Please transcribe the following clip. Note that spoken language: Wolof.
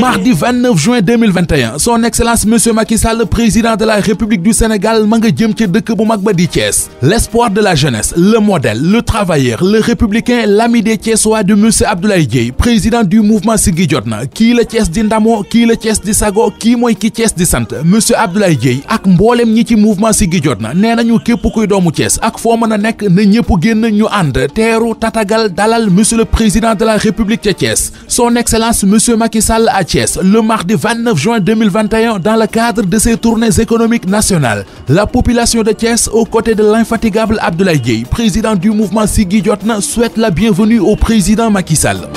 mardi juin son excellence monsieur Macky président de la république du Sénégal ma nga jëm ca dëkk bu mag ba di Thiès l'espoir de la jeunesse le modèle le travailleur le républicain l'ami des Thiessois de monsieur Abdoulaye Dièye président du mouvement Siggi Jotna kii la Thiès di ndamoo kii la Thiès di sago kii mooy ki Thiès di sant monsieur Abdoulaye Dièye ak mboolem ñi ci mouvement Siggi na nee nañu képp kuy doomu Thiès ak foo mën a nekk na ñëpp génn ñu ànd teeru tatagal dalal monsieur le président de la république ca Thiès son excellence Thiès le mardi 29 juin 2021 dans le cadre de ses tournées économiques nationales la population de Thiès aux côtés de l'infatigable Abdoulaye Dièye président du mouvement Siggi Jotna souhaite la bienvenue au président Macky Sall